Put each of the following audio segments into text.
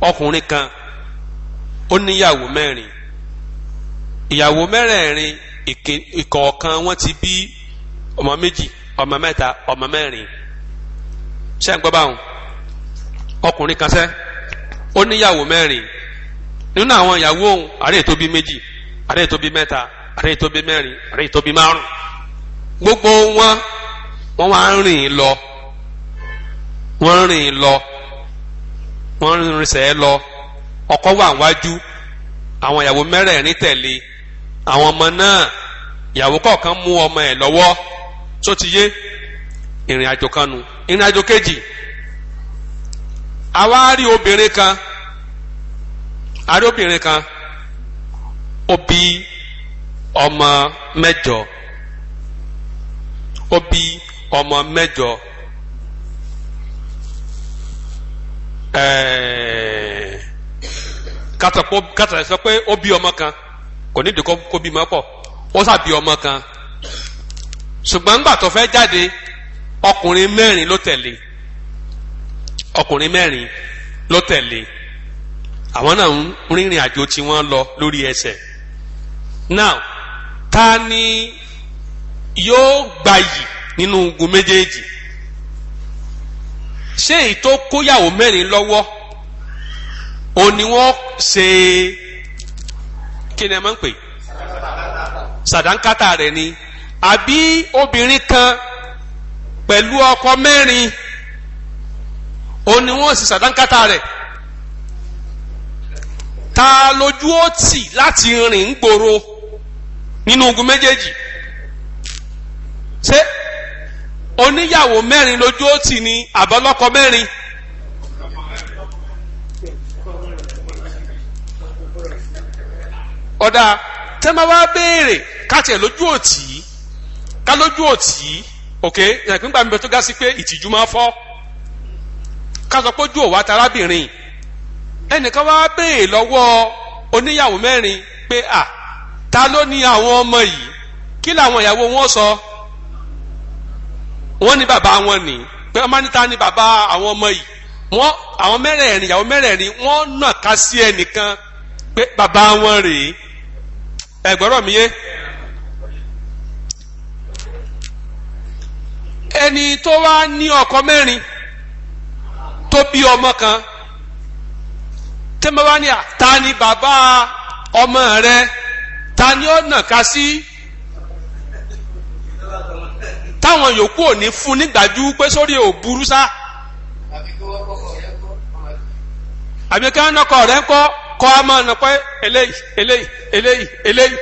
ọkùnrin kan ó níyàwó mẹ́rin ìyàwó mẹ́rẹ̀ẹ̀rin ìkọ̀ọ̀kan wọn ti bí ọmọ méjì ọmọ mẹ́ta ọmọ mẹ́rin ṣé ń gbọ́ báwọn ọkùnrin kan ṣẹ́ ó níyàwó mẹ́rin nínú àwọn ìyàwó òun àárẹ̀ tó bí méjì àárẹ̀ tó bí mẹ́ta àárẹ̀ tó bí mẹ́rin àárẹ̀ tó bí márùn gbogbo wọn wọn wá ń rìn lọ wọn ń rìn lọ wọ́n ń rinsẹ̀ lọ ọkọ wà wájú àwọn ìyàwó mẹ́rẹ̀ẹ̀rin tẹ̀lé àwọn ọmọ náà ìyàwó kọ̀ọ̀kan mú ọmọ ẹ̀ lọ́wọ́ tó ti yé ìrìn àjò kan nu ìrìn àjò kejì àwa rí obìnrin kan a rí obìnrin kan ó bí ọmọ mẹ́jọ ó bí ọmọ mẹ́jọ. Eh, kátà sọ pé ó bí ọmọ kan kò ní ìdíkọ́ kó bímọ pọ̀ ó sàbí ọmọ kan ṣùgbọ́n ńgbà tó fẹ́ jáde ọkùnrin mẹ́rin ló tẹ̀lé ọkùnrin mẹ́rin ló tẹ̀lé àwọn náà ń rìnrìn àjò tí lọ lórí ẹsẹ̀ now ta ni yóò gbayì nínú ogun méjèèjì. ṣé èyí tó kóyàwó mẹ́rin lọ́wọ́ òun ni wọ́n ṣe kí ni ẹ máa ń pè sàdánkátà rẹ̀ ni àbí obìnrin kan pẹ̀lú ọkọ mẹ́rin òun ni wọ́n sì sàdánkátà rẹ̀ ta lójú ó tì láti rìn ń gbòòrò nínú ogun méjèèjì ṣé oníyàwó mẹ́rin lójú ó tì ní àbọ́lọ́kọ mẹ́rin. ọ̀dà tẹ́ máa wá béèrè káàtì ẹ̀ lójú òtí ká lójú òtí òkè ìrìnàpínpà mi bẹ tó ga sí pé ìtìjú máa fọ́ ká sọ pé ojú òwa tarábìnrin ẹnìkan wá béèrè lọ́wọ́ oníyàwó mẹ́rin pé à ta ló ní àwọn ọmọ yìí kí làwọn ìyàwó wọn sọ. So? wọ́n ní bàbá wọn ní pé ọmọ níta ní bàbá àwọn ọmọ yìí wọ́n àwọn mẹ́rẹ̀ẹ̀rin ìyàwó mẹ́rẹ̀ẹ̀rin wọ́n nà ká sí ẹnìkan pé bàbá wọn rèé ẹ̀gbọ́rọ̀ mi yé ẹni tó wá ní ọkọ mẹ́rin tó bí ọmọ kan tẹ́mọ́ wá ní ta ni bàbá ọmọ rẹ ta ni ó nà ká sí. Si, táwọn yòókù ò ní fún nígbàjú pé sórí ò burú sá. àbí kí wọ́n nọkọ̀ rẹ̀ ń kọ́ kọ́ a máa nọ pé eléyìí eléyìí eléyìí eléyìí.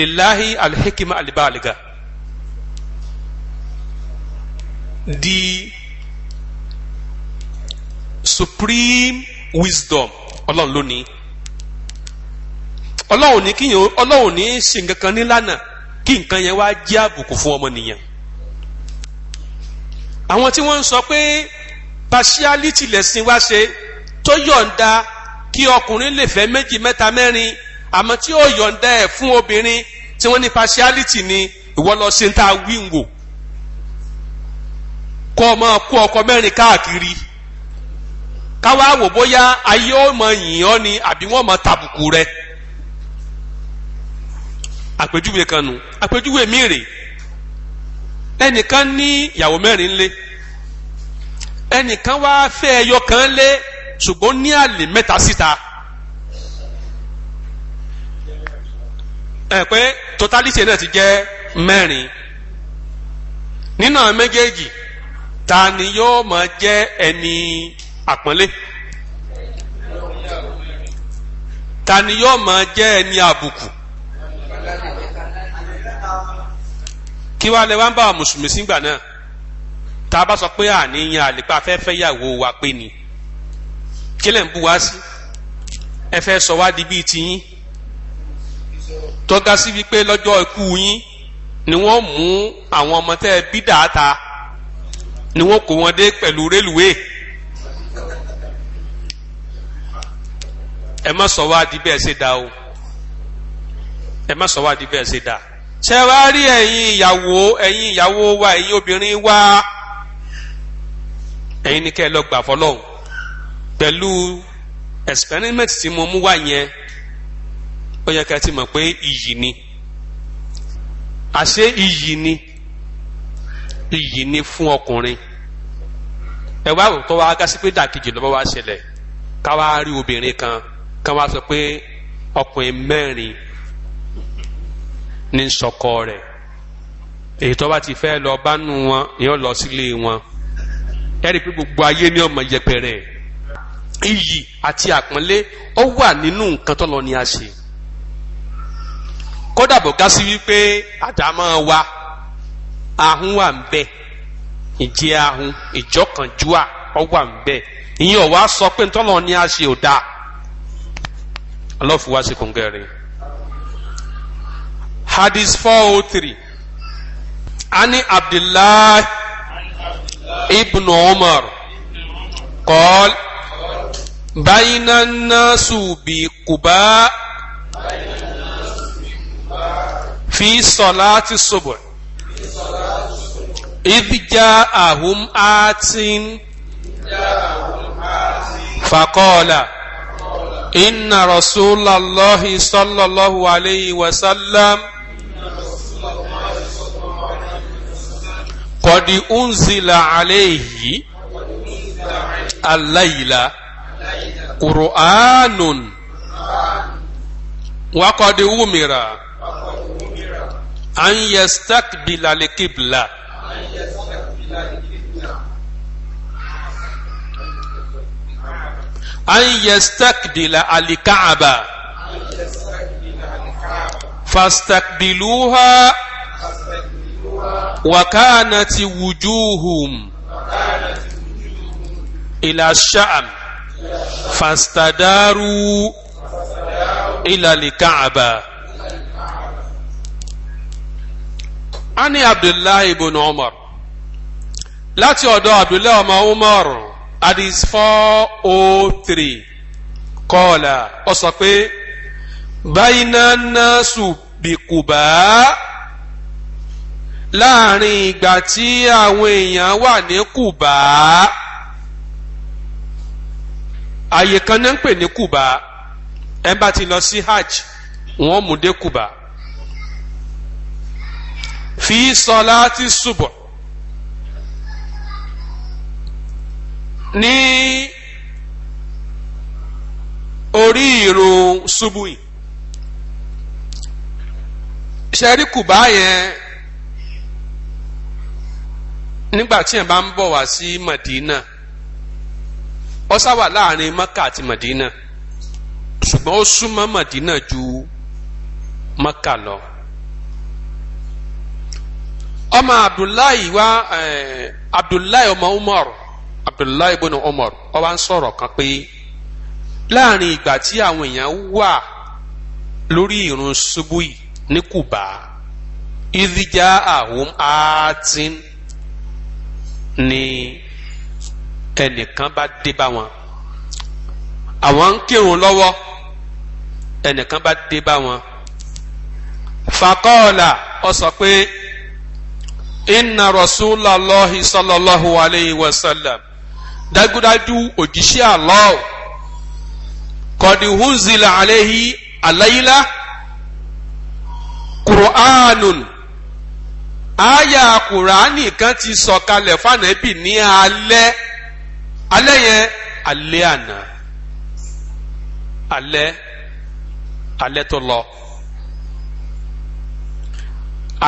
lillahi alhikima alibaliga the supreme wisdom ọlọ́run ló ní ọlọ́run ní kíyàn ọlọ́run ní ṣe nǹkan kan kí nǹkan yẹn wá jẹ́ àbùkù fún ọmọnìyàn àwọn tí wọ́n ń sọ pé partiality lẹ̀sìn wá ṣe tó yọ̀ǹda kí ọkùnrin lè fẹ́ méjì mẹ́ta mẹ́rin àmọ́ tí ó yọ̀ǹda ẹ̀ fún obìnrin tí wọ́n ní partiality ni ìwọ lọ ṣe ń ta wíwò kọ́ ọ máa kó ọkọ mẹ́rin káàkiri káwá wò bóyá ayé ó mọ yìn ọ́ ni àbí wọ́n mọ tàbùkù rẹ̀ àpèjúwe kan nu àpèjúwe mi rè ẹnìkan ní ìyàwó mẹ́rin lé ẹnìkan wá fẹ́ ẹyọ kan lé ṣùgbọ́n ní àlè mẹ́ta síta ẹ pé totality náà ti jẹ́ mẹ́rin nínú àwọn méjèèjì ta ni yóò máa jẹ́ ẹni àpọ́nlé ta ni yóò máa jẹ́ ẹni àbùkù. kí wàá lẹ wá ń bá wa mùsùlùmí sígbà náà tá a bá sọ pé àníyàn àlèpá afẹ́fẹ́ yàwó wa pé ni kí lẹ̀ ń bú wa sí ẹ fẹ́ sọ wá di bíi tiyín tọ́ga sí wípé lọ́jọ́ ikú yín ni wọ́n mú àwọn ọmọ tẹ́ ẹ bí dàáta ni wọ́n kó wọn dé pẹ̀lú rélùwéè. ẹ má sọ wá di bẹ́ẹ̀ ṣe dá o ẹ má sọ wá di bẹ́ẹ̀ ṣe dá ṣe wá rí ẹ̀yin ìyàwó ẹ̀yin ìyàwó wa ẹ̀yin obìnrin wa ẹ̀yin ni kẹ́ ẹ lọ gbà fọlọ́hùn pẹ̀lú experiment tí mo mú wá yẹn ó yẹ ká ti mọ̀ pé iyì ni àṣé iyì ni iyì ni fún ọkùnrin ẹ wá òótọ́ wa gá sí pé dàkejì lọ́wọ́ wa ṣẹlẹ̀ ká wá rí obìnrin kan ká wá sọ pé ọkùnrin mẹ́rin ní sọkọ rẹ̀ èyí tó bá ti fẹ́ lọ bá nù wọn yóò lọ sílé wọn ẹ̀rí pé gbogbo ayé ní ọmọ yẹpẹrẹ iyì àti àpọ́nlé ó wà nínú nǹkan tó lọ ní a ṣe kódà bò ká sí wípé àdámọ́ wa ahun wà ń bẹ ìjẹ ahun ìjọkànjúà ó wà ń bẹ ìyẹn ò wá sọ pé ntọ́lọ́ ní a ṣe ò dáa ọlọ́fù wá sí kòǹgẹ́rin hadith four oh three ani abdullahi ibn umar qol bayna nasu bi kuba fi salati subuh idh ja'ahum atin فقال إن رسول الله صلى الله عليه وسلم kọ́dí unzila alayhi alayla qur'anun wa kọ́dí umira an yastakbila likibla. an yastakbila alikaaba fastakbiluha. وكانت وجوههم إلى الشام فاستداروا إلى الكعبة عن عبد الله بن عمر láti ọ̀dọ̀ abdullahi ọmọ umar hadith four oh three kọ́ọ̀là ó sọ pé báyìí náà náà sùn bí kùbá láàrin ìgbà tí àwọn èèyàn wà ní Kùbá àyè kan náà ń pè ní Kùbá ẹ bá ti lọ sí hajj wọ́n mú dé Kùbá fi sọláàtì ṣubọ̀ ní orí ìrun ṣubú yìí ṣẹ́rí Kùbá yẹn. nígbà tí yẹn bá ń bọ̀ wá sí Madina ọ sáwà láàrin Maka àti Madina ṣùgbọ́n ó súnmọ́ Madina ju Maka lọ. ọmọ Abdullahi wa eh, Abdullahi ọmọ Umar Abdullahi ibn Umar ó wá ń sọ̀rọ̀ kan pé láàrin ìgbà tí àwọn èèyàn wà lórí irun ṣubú yìí ní Kùbá ìdíjà àhùn ààtìn. ni ẹnìkan bá dé bá wọn àwọn ń kírun lọ́wọ́ ẹnìkan bá dé bá wọn fakọ́ọ̀là ó sọ pé inna rasulallahi sallallahu alayhi wa sallam dagudaju òjíṣẹ́ Allah kọ́ni hunzila alayhi alayla qur'anun. àyà kùránì kan ti sọ̀kalẹ̀ fànẹ́bì ní alẹ́ alẹ́ yẹn alẹ́ àná alẹ́ alẹ́ tó lọ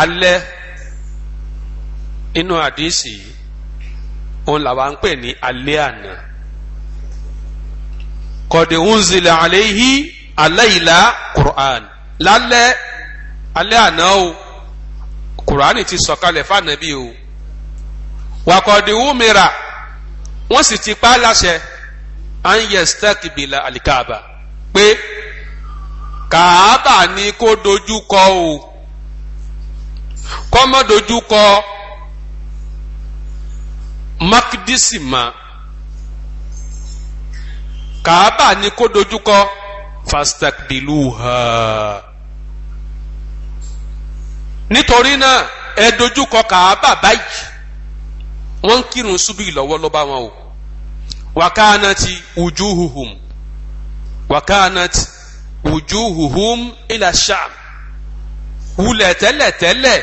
alẹ́ inú àdìsí òun làwa ń pè ní alẹ́ àná kọ̀dé unzila alẹ́ alayla qur'an lálẹ́ alẹ́ àná o. kùránì ti sọ̀kalẹ̀ fànàbí o wàkọ̀dìwú mìíràn wọ́n sì ti pa á láṣẹ à ń yẹ stẹ́ẹ̀kì bìlà àlìkàbà pé kàábà ni kó dojú kọ o kó má dojú makidisi ma kàábà ni kó dojú kọ fastakbilu ha nítorí náà ẹ dojúkọ kàábà báyìí wọ́n ń kírun ṣubú lọ́wọ́ ló bá wọn o wàkánati wujuhuhum wàkánati wujuhuhum ila sham wulẹ̀ tẹ́lẹ̀tẹ́lẹ̀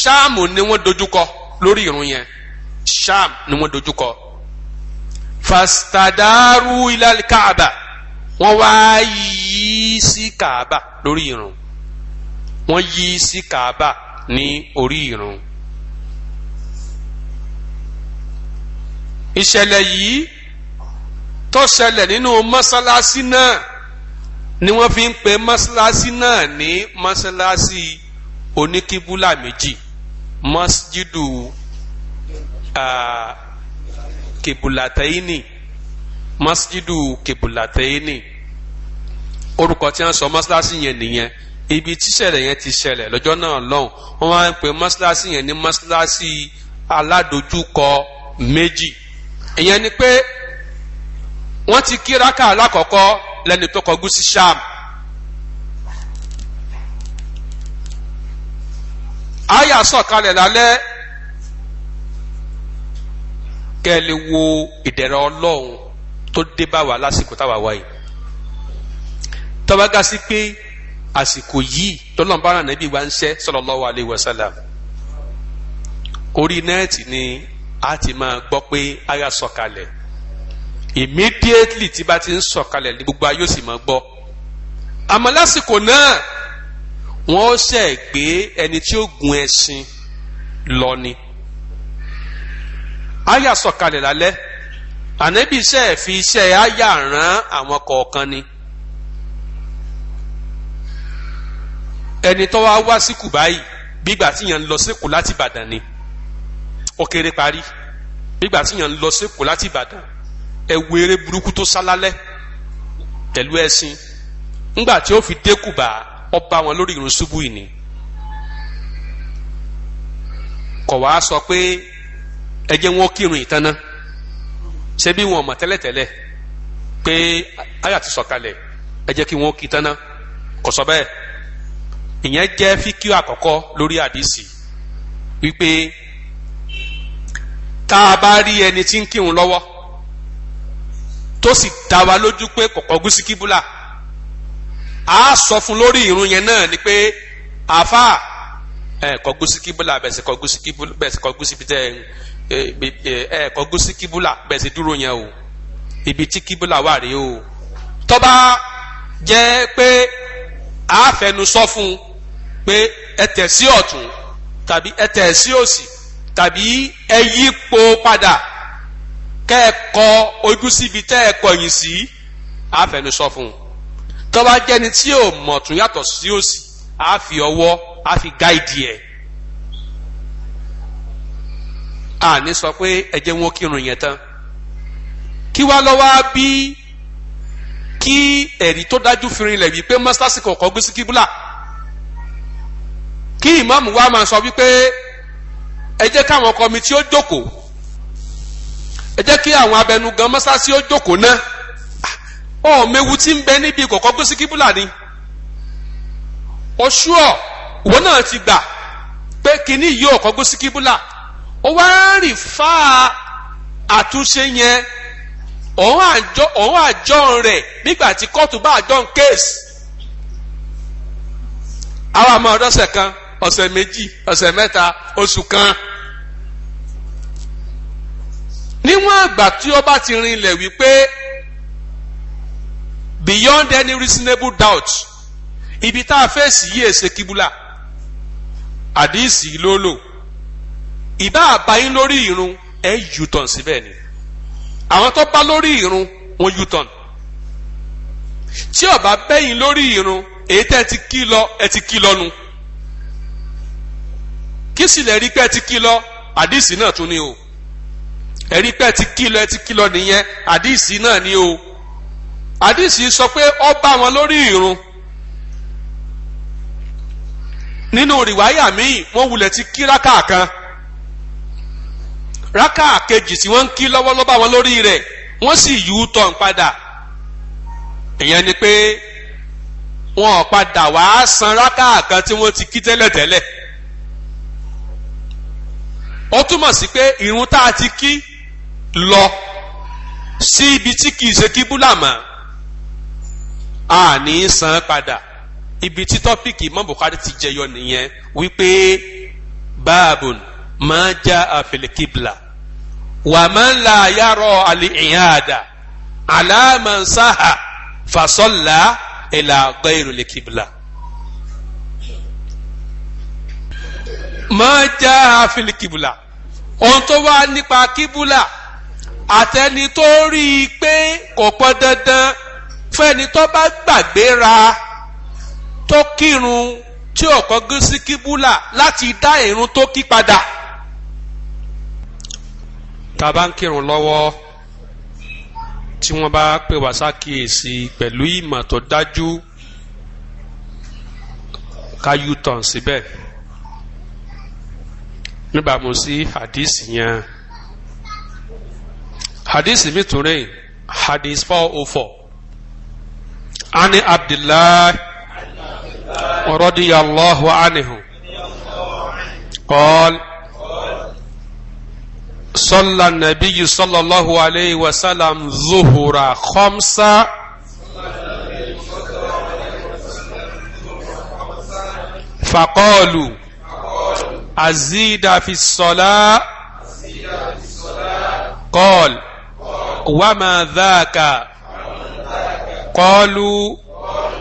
sham ni wọ́n dojúkọ lórí irun yẹn sham ni wọ́n dojúkọ fastadaru ila kaaba wọ́n wá yí sí kaaba lórí irun wọ́n yí sí kaaba ní orí irun. ìṣẹ̀lẹ̀ yìí tó ṣẹlẹ̀ nínú mọ́sálásí náà ni wọ́n fi ń pe mọ́sálásí náà ní mọ́sálásí oníkíbúlà méjì masjidu uh, kibulataini masjidu kibulataini orúkọ tí wọ́n sọ mọ́sálásí yẹn nìyẹn ibi tíṣẹ̀lẹ̀ yẹn ti ṣẹlẹ̀ lọ́jọ́ náà lọ́hùn wọ́n máa ń pè mọ́ṣáláṣí yẹn ní mọ́ṣáláṣí aládojúkọ méjì ìyẹn ni pé wọ́n ti kí rákà alákọ̀ọ́kọ́ lẹ́ni tó kọjú sí sham àyà sọ̀kalẹ̀ lálẹ́ kẹ́ ẹ lè wo ìdẹ̀ra ọlọ́run tó dé bá lásìkò táwa wáyé tọ́wágá pé àsìkò yìí tọ́lọ́mbàrà nàbí wa ń ṣẹ́ sallallahu alaihi wasallam orí nẹ́ẹ̀tì ni a ti máa gbọ́ pé aya sọ̀kalẹ̀ immediately tí bá ti ń sọ̀kalẹ̀ ní gbogbo ayé ó sì máa gbọ́ àmọ́ lásìkò náà wọ́n ṣe gbé ẹni tí ó gun ẹṣin lọ ni aya sọ̀kalẹ̀ lálẹ́ ànábì fi iṣẹ́ aya rán àwọn kọ̀ọ̀kan ni ẹni tó wá wá sí kùbáyì gbígbà tí yàn ń lọ sí kù láti ìbàdàn ni ó kéré parí gbígbà tí yàn ń lọ sí kù láti ìbàdàn ẹ wo eré burúkú tó sálálẹ́ pẹ̀lú ẹṣin ńgbà tí ó fi dé kùbà ó bá wọn lórí irun ṣubú yìí ni kọ̀ wá sọ pé ẹ jẹ́ wọn kírun ìtaná ṣé bí wọn mọ̀ tẹ́lẹ̀tẹ́lẹ̀ ti sọ̀kalẹ̀ ẹ jẹ́ kí wọn kí ìyẹn jẹ́ fíkíù àkọ́kọ́ lórí àdìsí wípé tá a bá rí ẹni tí ń kírun lọ́wọ́ tó sì dá wa lójú pé kọ̀kọ́ gúsí kíbúlà a sọ fún lórí ìrun yẹn náà ni pé àáfà ẹ kọ̀ gúsí kíbúlà bẹ́ẹ̀ sì kọ̀ gúsí kíbúlà bẹ́ẹ̀ sì kọ̀ gúsí bí tẹ́ ẹ kọ̀ gúsí kíbúlà bẹ́ẹ̀ sì dúró yẹn o ibi tí kíbúlà wà rèé o tó bá pé a fẹnu sọ fún un pé ẹ tẹ̀ sí ọ̀tún tàbí ẹ tẹ̀ sí òsì tàbí ẹ yípo padà kẹ́ ẹ kọ ojú síbi tẹ́ ẹ kọyìn sí àfẹnusọ fún un tó bá jẹ́ni tí ò mọ̀ tún yàtọ̀ sí òsì á fi ọwọ́ á fi gáìdì ẹ̀ àní sọ pé ẹ jẹ́ wọn kírun yẹn tán kí wá lọ́wọ́ bí kí ẹ̀rí tó dájú fi rinlẹ̀ wípé mọ́sálásí kọ̀ọ̀kan gbé sí kíbúlà kí ìmáàmù wa máa sọ wípé ẹ jẹ́ káwọn kọ́mítì ó jókòó ẹ jẹ́ kí àwọn abẹnugan mọ́sáàsì ó jókòó náà ah, ó mewu tí ń bẹ níbi kọ̀kọ́ gbé sí ni ọṣùọ̀ ìwọ náà ti gbà pé kinní yìí ò kọ́gbó sí kíbúlà ó wá rìn fà á àtúnṣe yẹn òun àjọ òun àjọ rẹ̀ nígbà tí kóòtù bá àjọ ń kéèsì àwọn àmọ́ ọ̀dọ́sẹ̀ kan ọ̀sẹ̀ méjì ọ̀sẹ̀ mẹ́ta oṣù kan. níwọ̀n àgbà tí ó bá ti rinlẹ̀ wípé beyond any reasonable doubt ibi tá a fẹ́ sí yìí èsè kíbúlà àdìsí ló lò ìbá àbáyín lórí irun ẹ u-turn síbẹ̀ ni àwọn tó bá lórí irun wọn u-turn tí ó bá bẹ́yìn lórí irun èyí tẹ́ ti kí lọ ẹ ti kí lọ́nu kí sì lè rí pé ti kí lọ àdìsí náà tún ni o ẹ̀rí pé ti kí lọ ẹ ti kí lọ nìyẹn àdìsí náà ni o àdìsí sọ pé ó bá wọn lórí ìrun nínú rìwáyà míì wọ́n wulẹ̀ ti kí rákà kan rákà kejì tí wọ́n ń kí lọ́wọ́ ló wọn lórí rẹ̀ wọ́n sì yú tọ̀n padà ìyẹn ni pé wọn ò padà wàá san rákà kan tí wọ́n ti kí tẹ́lẹ̀tẹ́lẹ̀. Tẹ́lẹ̀ ó túmọ̀ sí pé irun tá a ti kí lọ sí ibi tí kì í ṣe kíbúlà mọ́ a ní í san padà ibi tí tọ́pìkì Imam Bukhari ti jẹyọ nìyẹn wípé báàbùn máa já àfẹlẹ́kíbìlà wà máa ń la yàrá àlè ìyá àdá àlàmà ń sáhà fàṣọlá ìlà gbẹ́rù lẹ́kíbìlà. máa já àfihàn kìbùlà ohun tó wá nípa kíbùlà àtẹni tó rí i pé kò pọn dandan fẹ́ni tó bá gbàgbéra tó kírun tí ò kọjú sí kíbùlà láti dá irun tó kí padà tá a bá ń kírun lọ́wọ́ tí wọ́n bá pè wá sákìyèsí pẹ̀lú ìmọ̀ tó dájú ká u-turn síbẹ̀. Si níbàámu sí hadisi yẹn hadisi mi tún rẹ̀ hadis four oh four ani abdullahi radiyallahu anhu qal صلى النبي صلى الله عليه وسلم ظهر خمسة فقالوا أزيد في الصلاة قال وما ذاك قالوا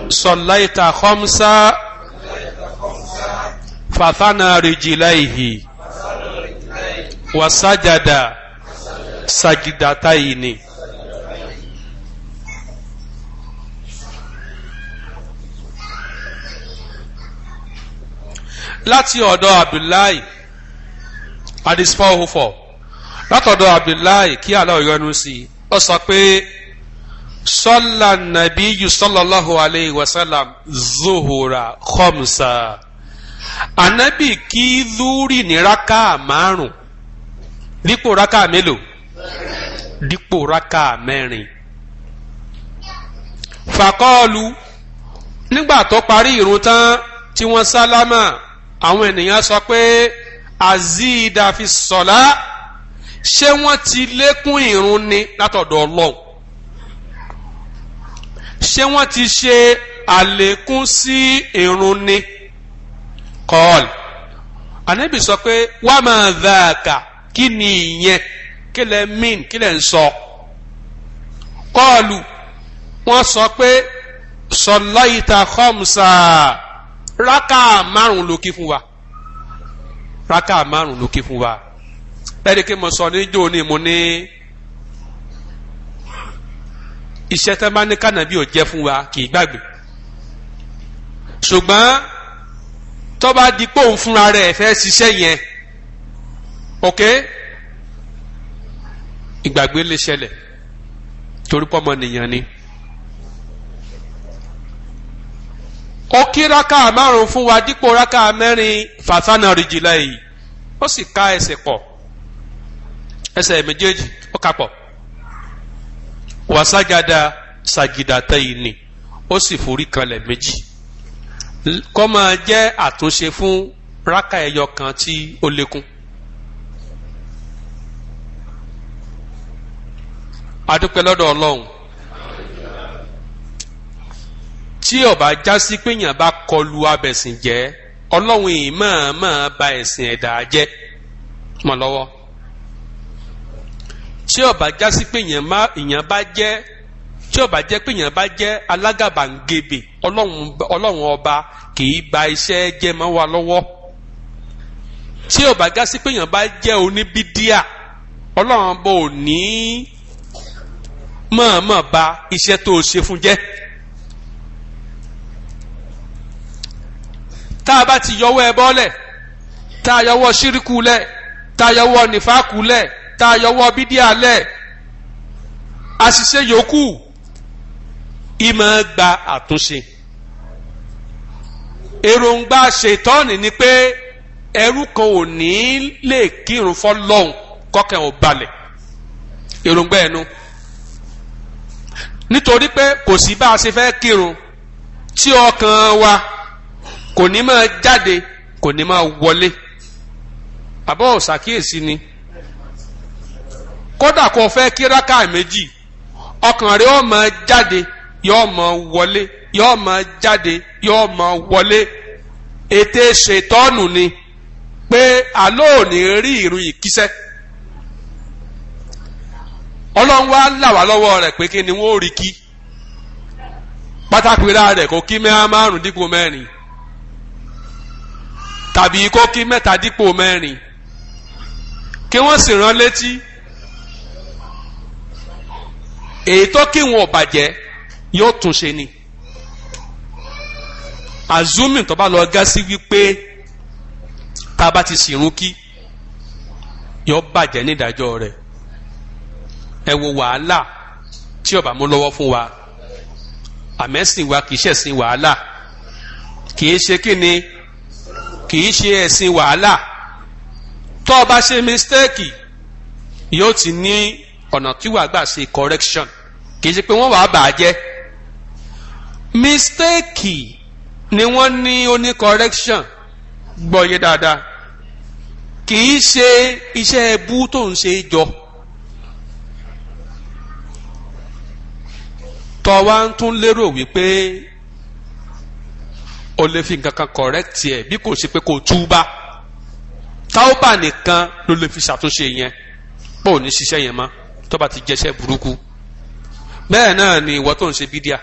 صليت خمسة فثنى رجليه وسجد سجدتين láti ọ̀dọ̀ abdullahi hadith four oh four látọ̀dọ̀ abdullahi kí Allah yọ́nú sí i ó sọ pé sọ́là nàbí sallallahu alayhi wa sallam zuhura khamsa ànábì kí zúrì ní rákà márùn dípò rákà mélòó dípò rákà mẹ́rin fàkọ́ọ̀lù nígbà tó parí ìrun tán tí wọ́n sálámà àwọn ènìyàn sọ pé azida fi sọlá ṣé wọ́n ti lékún ìrun ni látọ̀dọ̀ Ọlọ́run ṣé wọ́n ti ṣe àlékún sí ìrun ni kọ́ọ̀lì ànábì sọ pé wà máa dàkà kí ni ìyẹn kí lẹ mean kí lẹ sọ kọ́ọ̀lù wọ́n sọ pé sọlá ìta khamsa. Raka márùn ló kí fún wa rákà márùn ló kí fún wa lẹ́yìn kí mo sọ níjó ni mo ní iṣẹ́ tẹ́ bá ní kànábì ò jẹ́ fún wa kì í gbàgbé ṣùgbọ́n tó bá di pòun fúnra rẹ̀ fẹ́ ṣiṣẹ́ yẹn ok ìgbàgbé lè ṣẹlẹ̀ torí pọ́mọ nìyẹn ni ó kí rákà márùn fún wa dípò rákà mẹ́rin fàtánà rìjìlá yìí ó sì ká ẹsẹ̀ pọ̀ ẹsẹ̀ méjèèjì ó kà pọ̀ wàságàdà sàgìdàtà yìí ni ó sì forí kanlẹ̀ méjì kó máa jẹ́ àtúnṣe fún rákà ẹyọ kan tí ó lékún. adúpẹ́ lọ́dọ̀ ọlọ́run tí ọba jásí pé yàn bá kọlu abẹ̀sìn jẹ́ ọlọ́run yìí máa máa ba ẹ̀sìn ẹ̀dá jẹ́ mọ́ lọ́wọ́ tí ọba jásí pé yàn bá jẹ́ tí ọba jẹ́ pé yàn bá jẹ́ alágàbàǹgebè ọlọ́run ọba kì í ba iṣẹ́ jẹ́ mọ́ wa lọ́wọ́ tí ọba jásí pé yàn bá jẹ́ oníbídíà ọlọ́run ọba ní mọ̀ọ́mọ̀ ba iṣẹ́ tó o ṣe fún jẹ́. tá a bá ti yọwọ́ ẹbọ lẹ̀ tá a yọwọ́ ṣíríkù lẹ̀ tá a yọwọ́ nìfàkù lẹ̀ tá a yọwọ́ bídíà lẹ̀ àṣìṣe yòókù ìmọ̀ gba àtúnṣe èròǹgbà ṣètọ́ọ̀nì ni pé ẹrú kan ò ní lè kírun fọlọ́hún kọ́kẹ́ ò balẹ̀ èròǹgbà ẹnu nítorí pé kò sí bá a ṣe fẹ́ kírun tí ọkàn wa. kò ní máa jáde kò ní máa wọlé àbọ̀ ṣàkíyèsí ni kódà kò fẹ́ kí rákà méjì ọkàn rẹ̀ máa jáde yóò máa wọlé yóò máa jáde yóò máa wọlé ète ṣètọ́nù ni pé àlọ́ ò ní rí ìrun ìkísẹ́ ọlọ́run wá là wá lọ́wọ́ rẹ̀ pé kí ni wọ́n rí kí pátákìrá rẹ̀ kò kí mẹ́rin márùn-ún dípò mẹ́rin. tàbí kó kí mẹ́ta dípò mẹ́rin kí wọ́n sì rán létí èyí tó kí wọn ò bàjẹ́ yóò tún ṣe ni azumi tó bá lọ gá sí wípé tá a bá ti sìnrún kí yóò bàjẹ́ nídàájọ́ rẹ̀ ẹ wo wàhálà tí ọba mú lọ́wọ́ fún wa àmẹ́sìn wa kì í ṣẹ̀sìn wàhálà kì í ṣe kí ni kì í ṣe ẹ̀sìn wàhálà tó o ṣe mistake yóò ti ní ọ̀nà tí wàá gbà ṣe correction kì í ṣe pé wọ́n wàá bàá jẹ́ mistake ni wọ́n ní oní correction gbọ́yé dáadáa kì í ṣe iṣẹ́ ẹbú tó ń ṣe jọ tọ́ ń tún lérò wípé o lè fi nǹkan kan correct ẹ̀ bí kò sí pé kò túbà táwọ́bà nìkan ló lè fi ṣàtúnṣe yẹn pọ̀ ní ṣiṣẹ́ yẹn mọ́ tó bá ti jẹ́ṣẹ́ burúkú bẹ́ẹ̀ náà ni ìwọ tó ń ṣe bídíà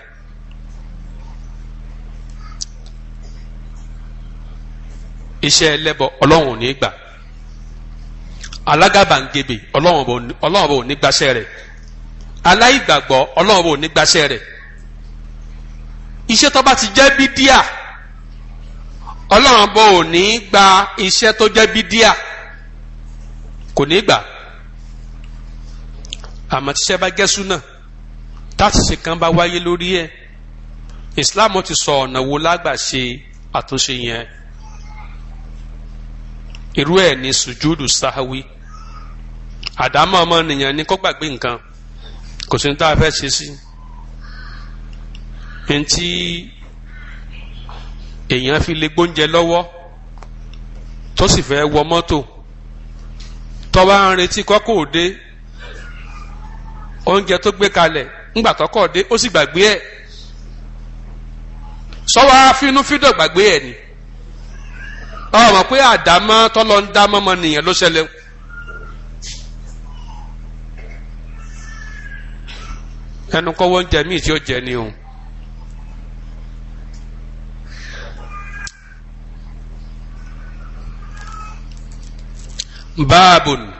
iṣẹ́ ẹlẹ́bọ ọlọ́run ò ní gbà alágàbàǹgebè ọlọ́run ọba ò ní gbàṣẹ́ rẹ̀ aláìgbàgbọ́ ọlọ́run ọba ò ní gbàṣẹ́ rẹ̀ iṣẹ́ tó bá ti jẹ́ bídíà ọlọ́run bò ò ní gba iṣẹ́ tó jẹ́ bídíà kò ní gbà àmọ́ tíṣẹ́ bá jẹ́ súnà táṣìṣe kan bá wáyé lórí ẹ̀ Islam ti sọ ọ̀nà wo lágbà ṣe àtúnṣe yẹn irú ẹ̀ ní sùjúdù sáháwí àdámọ́ ọmọ nìyẹn ni kó gbàgbé nǹkan kò sí ní tá a fẹ́ ṣe sí ntí èèyàn fi lè gbóúnjẹ lọ́wọ́ tó sì fẹ́ wọ mọ́tò tọwa bá ń retí kọ́kọ́ òde oúnjẹ tó gbé kalẹ̀ ńgbà tọ́kọ̀ òde ó sì gbàgbé ẹ̀ sọ́wọ́ afínúfídọ̀ gbàgbé ẹ̀ ni ọmọ pé àdámọ́ tọ́lọ́ ń dá mọ́mọ́ nìyẹn ló ṣẹlẹ̀ ẹnu kọ́wọ́ míì tí ó jẹ ni o. باب